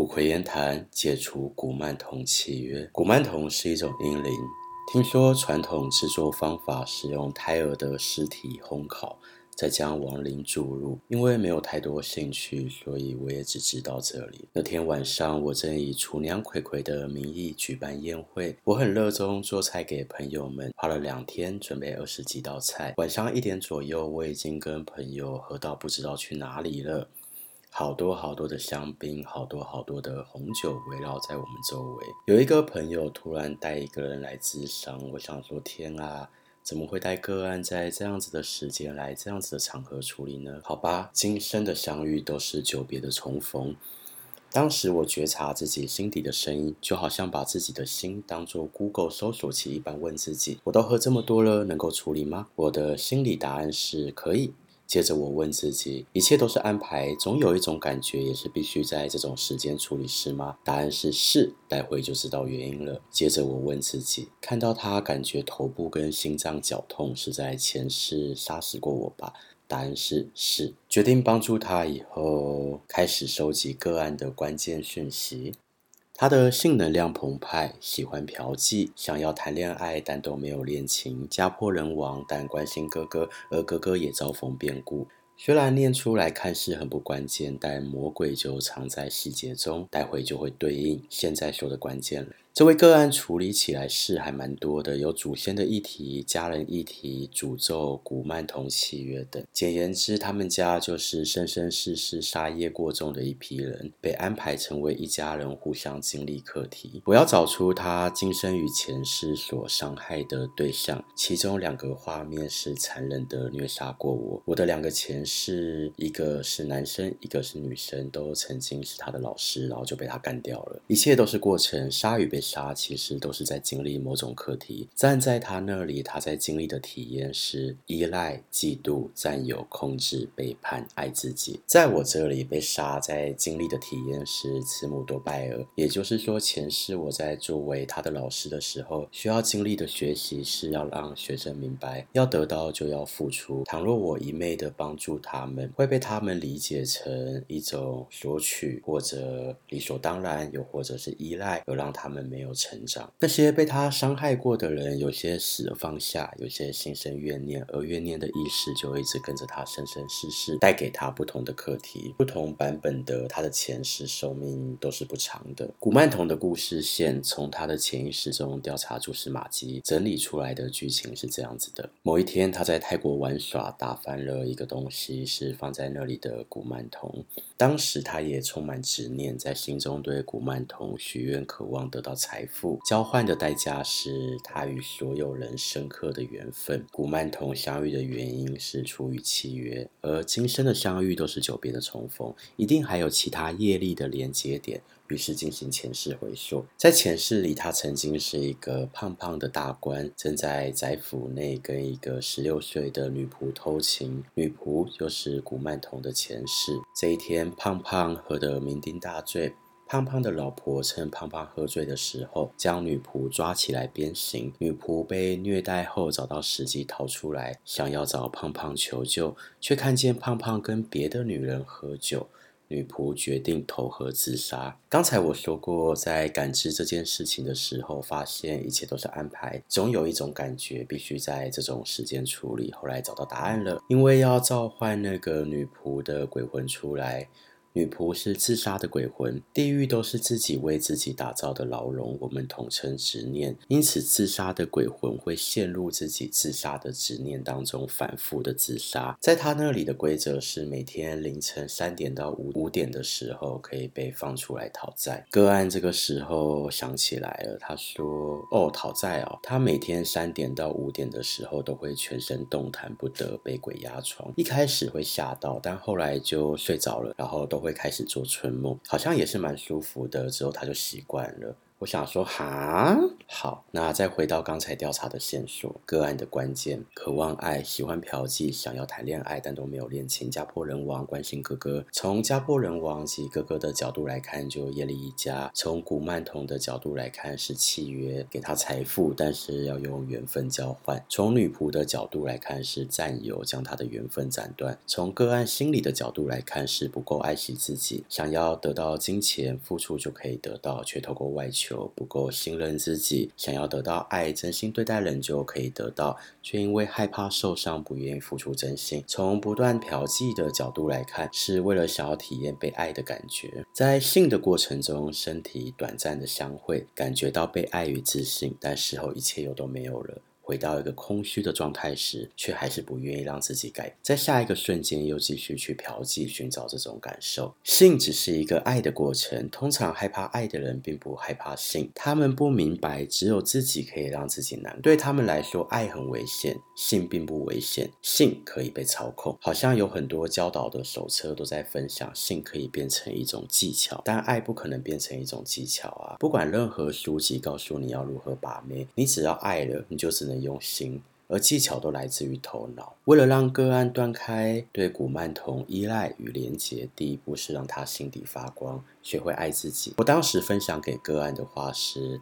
古魁言談，解除古曼童契約。古曼童是一種嬰靈，聽說傳統製作方法是用胎兒的屍體烘烤，再將亡靈注入。因為沒有太多興趣，所以我也只知道這裡。那天晚上，我正以廚娘葵葵的名義舉辦宴會，我很熱衷做菜給朋友們，花了兩天準備二十幾道菜。晚上一點左右，我已經跟朋友喝到不知道去哪裡了。好多好多的香檳，好多好多的紅酒圍繞在我們周圍。有一個朋友突然帶一個人來諮商，我想說天啊，怎麼會帶個案在這樣子的時間來這樣子的場合處理呢？好吧，今生的相遇都是久別的重逢。當時我覺察自己心底的聲音，就好像把自己的心當作 Google 搜索器一般，問自己：我都喝這麼多了，能夠處理嗎？我的心理答案是可以。接着我問自己，一切都是安排，總有一種感覺，也是必須在這種時間處理是嗎？答案是是，待會就知道原因了。接着我問自己，看到他感覺頭部跟心臟絞痛，是在前世殺死過我吧？答案是是，決定幫助他以後，開始收集個案的關鍵訊息。他的性能量澎湃，喜歡嫖妓，想要談戀愛，但都沒有戀情。家破人亡，但關心哥哥，而哥哥也遭逢變故。雖然念出來看似很不關鍵，但魔鬼就藏在細節中，待會就會對應現在說的關鍵了。這位個案處理起來是還蠻多的，有祖先的議題、家人議題、詛咒、古曼童契約等。簡言之，他們家就是生生世世殺業過重的一批人，被安排成為一家人互相經歷課題。我要找出他今生與前世所傷害的對象，其中兩個畫面是殘忍的虐殺過我。我的兩個前世，一個是男生，一個是女生，都曾經是他的老師，然後就被他幹掉了。一切都是過程，殺與被殺其實都是在經歷某種課題。站在他那裡，他在經歷的體驗是依賴、嫉妒、占有、控制、背叛、愛自己。在我這裡被殺，在經歷的體驗是慈母多敗兒。也就是說，前世我在作為他的老師的時候，需要經歷的學習是要讓學生明白，要得到就要付出。倘若我一味的幫助他們，會被他們理解成一種索取，或者理所當然，又或者是依賴，而讓他們。沒有成長，那些被他傷害過的人，有些死了放下，有些心生怨念，而怨念的意識就會一直跟着他生生世世帶給他不同的課題，不同版本的他的前世壽命都是不長的。古曼童的故事線從他的潛意識中調查蛛絲馬跡整理出來的劇情是這樣子的：某一天，他在泰國玩耍，打翻了一個東西，是放在那裡的古曼童。當時他也充滿執念，在心中對古曼童許願，渴望得到。財富交換的代價是他與所有人深刻的緣分。古曼童相遇的原因是出於契約，而今生的相遇都是久別的重逢，一定還有其他業力的連接點，於是進行前世回溯。在前世裡，他曾經是一個胖胖的大官，正在宅府內跟一個十六歲的女僕偷情，女僕就是古曼童的前世。這一天，胖胖喝得酩酊大醉。胖胖的老婆趁胖胖喝醉的時候，將女僕抓起來鞭刑。女僕被虐待後，找到時機逃出來，想要找胖胖求救，卻看見胖胖跟別的女人喝酒。女僕決定投河自殺。剛才我說過，在感知這件事情的時候，發現一切都是安排。總有一種感覺，必須在這種時間處理。後來找到答案了，因為要召喚那個女僕的鬼魂出來。女僕是自殺的鬼魂，地獄都是自己為自己打造的牢籠，我們統稱執念。因此，自殺的鬼魂會陷入自己自殺的執念當中，反覆的自殺。在他那裡的規則是，每天凌晨三點到五五點的時候可以被放出來討債。個案這個時候想起來了，他說：“哦，討債哦。”他每天三點到五點的時候都會全身動彈不得，被鬼壓床。一開始會嚇到，但後來就睡着了，然後都。會開始做春夢，好像也是蠻舒服的，之後他就習慣了。我想說，哈，好，那再回到剛才調查的線索，個案的關鍵，渴望愛，喜歡嫖妓，想要談戀愛，但都沒有戀情，家破人亡，關心哥哥。從家破人亡及哥哥的角度來看，就業力一家；從古曼童的角度來看，是契約給他財富，但是要用緣分交換；從女僕的角度來看，是占有將他的緣分斬斷；從個案心理的角度來看，是不夠愛惜自己，想要得到金錢，付出就可以得到，卻透過外求。就不夠信任自己，想要得到愛，真心對待人就可以得到，卻因為害怕受傷，不願意付出真心。從不斷嫖妓的角度來看，是為了想要體驗被愛的感覺，在性的過程中，身體短暫的相會，感覺到被愛與自信，但事後一切又都沒有了。回到一個空虛的狀態時，卻還是不願意讓自己改，在下一個瞬間又繼續去嫖妓尋找這種感受。性只是一個愛的過程，通常害怕愛的人並不害怕性，他們不明白只有自己可以讓自己難。對他們來說，愛很危險，性並不危險，性可以被操控。好像有很多教導的手冊都在分享，性可以變成一種技巧，但愛不可能變成一種技巧啊！不管任何書籍告訴你要如何把妹，你只要愛了，你就只能。用心，而技巧都來自於頭腦。為了讓個案斷開對古曼童依賴與連結，第一步是讓他心底發光，學會愛自己。我當時分享給個案的話是，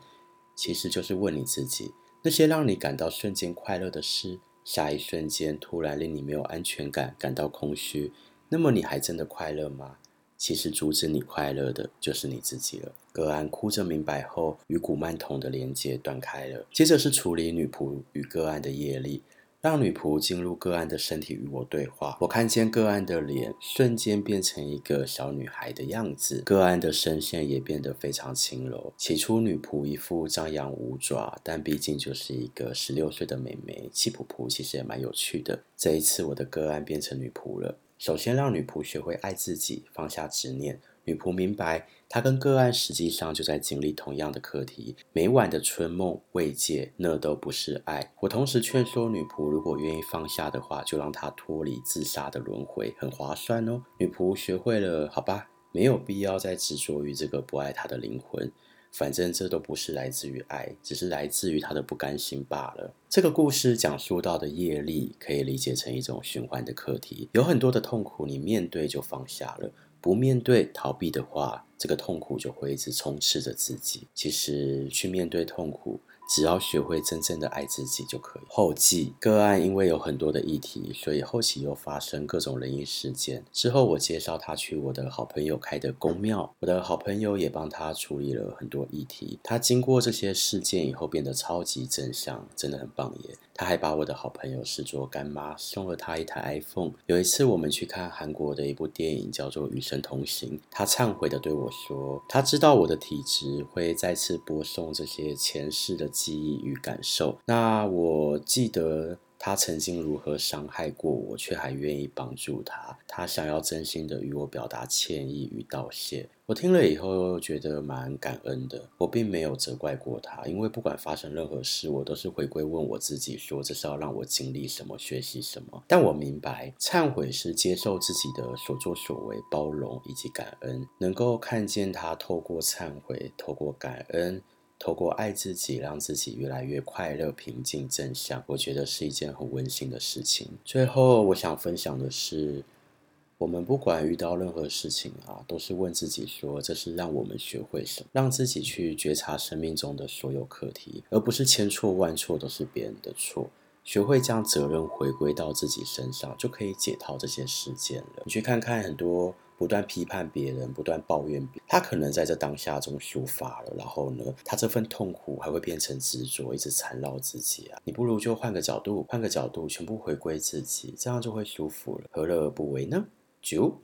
其實就是問你自己：那些讓你感到瞬間快樂的事，下一瞬間突然令你沒有安全感，感到空虛，那麼你還真的快樂嗎？其實阻止你快樂的就是你自己了。個案哭着明白後，與古曼童的連接斷開了。接着是處理女僕與個案的業力，讓女僕進入個案的身體與我對話。我看見個案的臉瞬間變成一個小女孩的樣子，個案的聲線也變得非常輕柔。起初女僕一副張牙舞爪，但畢竟就是一個十六歲的妹妹。氣噗噗，其實也蠻有趣的。這一次我的個案變成女僕了。首先，讓女僕學會愛自己，放下執念。女僕明白，她跟個案實際上就在經歷同樣的課題。每晚的春夢慰藉，那都不是愛。我同時勸說女僕，如果願意放下的話，就讓她脫離自殺的輪回，很划算哦。女僕學會了，好吧，沒有必要再執着於這個不愛她的靈魂。反正這都不是來自於愛，只是來自於他的不甘心罷了。這個故事講述到的業力，可以理解成一種循環的課題。有很多的痛苦，你面對就放下了；不面對、逃避的話，這個痛苦就會一直充斥着自己。其實去面對痛苦，只要學會真正的愛自己就可以。後記個案因為有很多的議題，所以後期又發生各種靈異事件。之後我介紹他去我的好朋友開的宮廟，我的好朋友也幫他處理了很多議題。他經過這些事件以後變得超級正向，真的很棒耶。他還把我的好朋友視作乾媽，送了他一台 iPhone。有一次，我們去看韓國的一部電影，叫做《與神同行》。他懺悔地對我說：“他知道我的體質會再次播送這些前世的記憶與感受。”那我記得。他曾經如何傷害過我，卻還願意幫助他。他想要真心的與我表達歉意與道謝。我聽了以後覺得蠻感恩的。我並沒有責怪過他，因為不管發生任何事，我都是回歸問我自己說，說這是要讓我經歷什麼，學習什麼。但我明白，懺悔是接受自己的所作所為，包容以及感恩。能夠看見他透過懺悔，透過感恩。透過愛自己，讓自己越來越快樂、平靜、正向，我覺得是一件很溫馨的事情。最後，我想分享的是，我們不管遇到任何事情啊，都是問自己說：“這是讓我們學會什麼？”讓自己去覺察生命中的所有課題，而不是千錯萬錯都是別人的錯。學會將責任回歸到自己身上，就可以解套這些事件了。你去看看很多。不斷批判別人，不斷抱怨別人，他可能在這當下中修法了。然後呢，他這份痛苦還會變成執着，一直纏繞自己啊。你不如就換個角度，換個角度，全部回歸自己，這樣就會舒服了。何樂而不為呢？九。